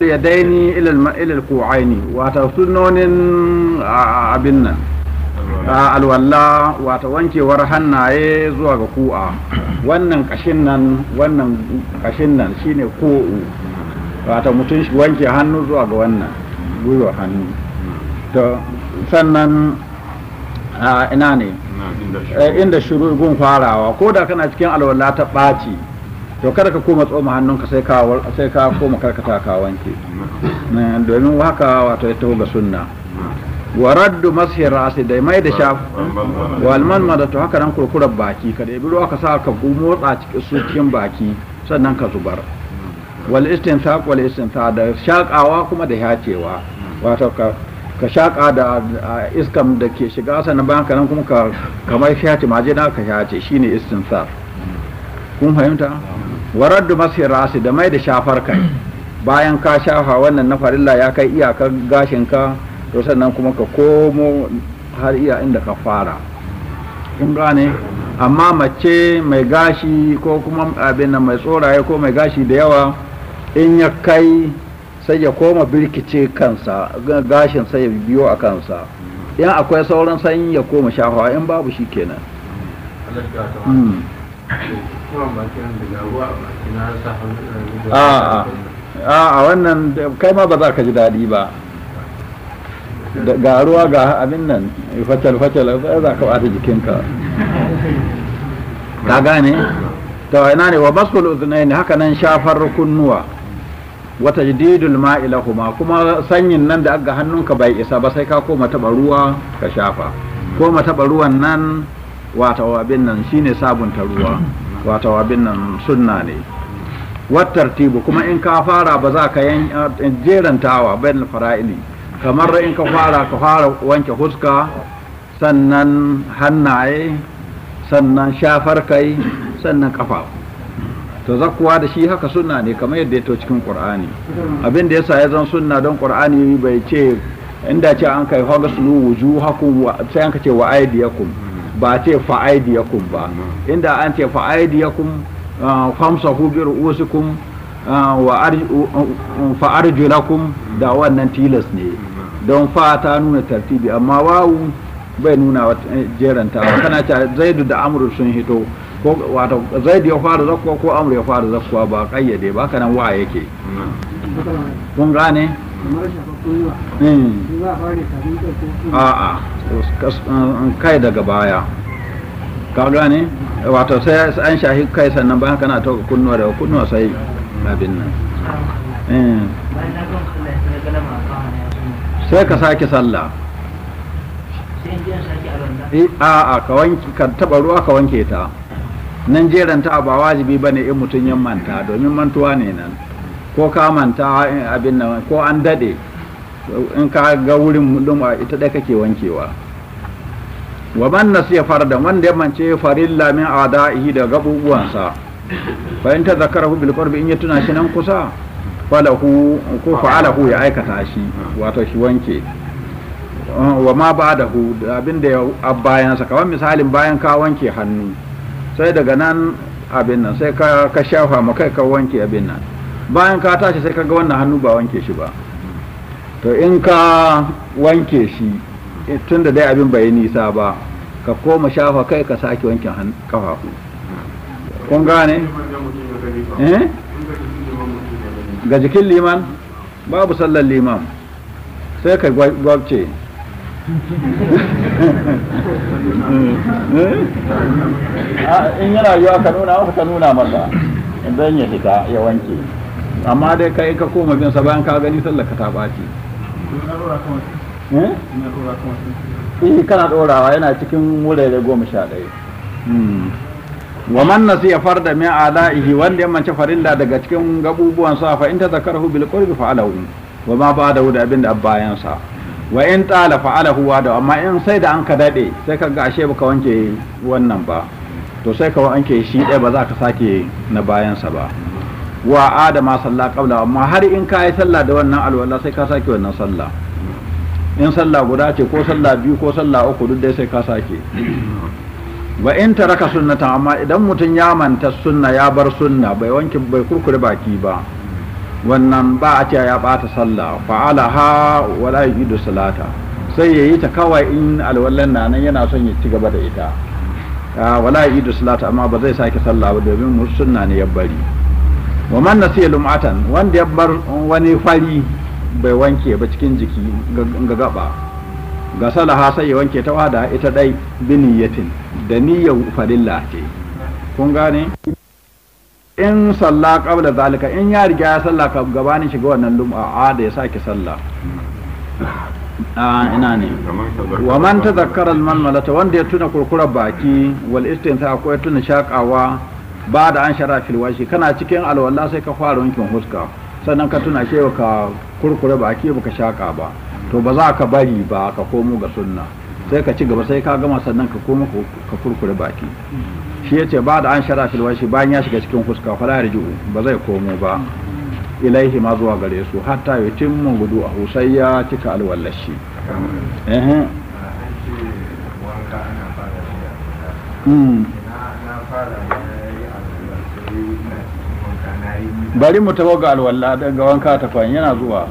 ya daini ilal kuwaini wata sunonin abin nan alwalla wata wankewar hannaye zuwa ga ku'a wannan kashin nan wannan kashin nan shine ku'u wata mutum shi wanke hannu zuwa ga wannan gwiwa hannu to sannan ina ne inda shirugun farawa ko da kana cikin alwalla ta ɓaci to kada ka koma tsoma hannunka sai ka sai ka koma karkata ka wanke domin haka wato ya taho ga sunna wa raddu mashi ra'si da mai da shaf wal manmada to haka nan kurkurar baki kada ya biro ka sa ka motsa cikin su cikin baki sannan ka zubar wal istinsaq wal istinthaq da shakawa kuma da yacewa wato ka ka shaƙa da iskam da ke shiga sannan bayan nan kuma ka kamar shaci majina ka shaci shine istinsa kun fahimta wa masu masir rasi da mai da shafar kai bayan ka shafa wannan na farilla ya kai iyakar gashin ka to sannan kuma ka komo har iya inda ka fara kun gane amma mace mai gashi ko kuma abin nan mai tsoraye ko mai gashi da yawa in ya kai sai ya koma birkice kansa gashin sai ya biyo a kansa in akwai sauran sanyi ya koma shafawa in babu shi kenan hmm. a wannan kai ma ba za ka ji daɗi ba ga ruwa ga abin nan fatal fatal za ka bata jikinka ta gane ta ina ne wa basul uznaini haka nan shafar kunnuwa wata tajdidul ma'i kuma, kuma sanyin nan da aga hannunka bai isa ba sai ka koma taɓa ruwa ka shafa koma taɓa ruwan nan wata abin nan shi ne sabunta ruwa wata abin nan sunna ne tibu kuma in ka fara ba za ka jerantawa bayan fara'ili kamar in ka fara ka fara wanke huska sannan hannaye sannan shafar kai sannan kafa to zakuwa da shi haka sunna ne kamar yadda ya to cikin ƙur'ani. abin da yasa ya zan sunna don ƙur'ani bai ce inda ce an kai hagaslu wujuhakum sai an ka ce wa ba ce kun ba mm. inda an ce kun uh, famsa bi ru'usikum uh, wa uh, mm. da wannan tilas ne mm. don fa ta nuna tartibi amma wawu bai nuna eh, jeranta tana ce zaidu da amru sun hito ko wato zaidu ya fara zakwa ko amru ya fara zakwa ba kayyade ba kanan wa yake kun gane hmm. a'a kai daga baya ka gane wato sai an shahi kai sannan bayan kana toka kunnuwa daga kunnuwa sai abin nan hmm. sai ka sake sallah eh, a'a a wanki ka taba ruwa ka wanke ta nan jeranta ba wajibi bane in mutum ya manta domin mantuwa ne nan ko ka manta abin nan ko an dade in ka ga wurin lum'a ita dai kake wankewa wa man nasiya farda wanda ya mance farilla min ada'ihi da gabubuwansa fa in tadhakkarahu bil qurbi in ya tuna shi nan kusa falahu ko fa'alahu ya aikata shi wato shi wanke wa ma hu abin da ya bayan sa kamar misalin bayan ka wanke hannu sai daga nan abin nan sai ka shafa mu kai ka wanke abin nan bayan ka tashi sai kaga wannan hannu ba wanke shi ba to in ka wanke shi eh, tun da dai abin bai nisa ba ka koma shafa kai ka sake wanke kafafu kun gane eh ga jikin liman babu sallar liman sai ka gwabce eh? ah, in yana yiwa ka nuna maka ka nuna masa don ya shiga ya wanke amma dai kai ka koma bin sa bayan ka gani sallar ka ta baci eh? eh kana dorawa yana cikin wurare goma sha ɗaya hmm. wa man nasiya farda min ala'ihi wanda ya mance farilla daga cikin gabubuwan sa fa in tazakarahu bil qurbi fa alahu wa ma ba da abinda sa wa in tala fa alahu wa da amma in sai da an ka dade sai ka ga ashe baka wanke wannan ba to sai ka wanke shi ɗaya ba za ka sake na bayan sa ba wa adama sallah qabla amma har in ka yi sallah da wannan alwala sai ka sake wannan sallah in sallah guda ce ko sallah biyu ko sallah uku duk dai sai ka sake wa in taraka sunnata amma idan mutum ya manta sunna ya bar sunna bai wanke bai kurkure baki ba wannan ba a ce ya bata sallah ala ha wala yidu salata sai yayi ta kawai in alwallan na nan yana son ya ci gaba da ita ah, wala yidu salata amma ba zai sake sallah ba domin sunna ne ya bari wa man nasiya lum'atan wanda ya bar wani fari bai wanke ba cikin jiki ga gaba ga salaha sai ya wanke ta wada ita dai yatin da niyyar farilla ce kun gane in salla qabla zalika in ya riga ya salla gabanin shiga wannan lum'a da ya saki salla ah, ina ne wa man tazakkara al-malmalata wanda ya tuna kurkurar baki wal istinsa akwai tuna shakawa ba da an shara filwashi kana cikin alwala sai ka fara wankin huska sannan ka tuna shewa ka kurkure baki baka shaka ba to ba za ka bari ba ka komo ga sunna sai ka ci gaba sai ka gama sannan ka komo ka kurkure baki shi ya ce ba da an shara filwashi bayan ya shiga cikin huska fara jiu ba zai komo ba ilaihi ma zuwa gare su hatta ya mun gudu a husai ya cika alwallashi bari mu tawo ga alwala ga wanka ta yana zuwa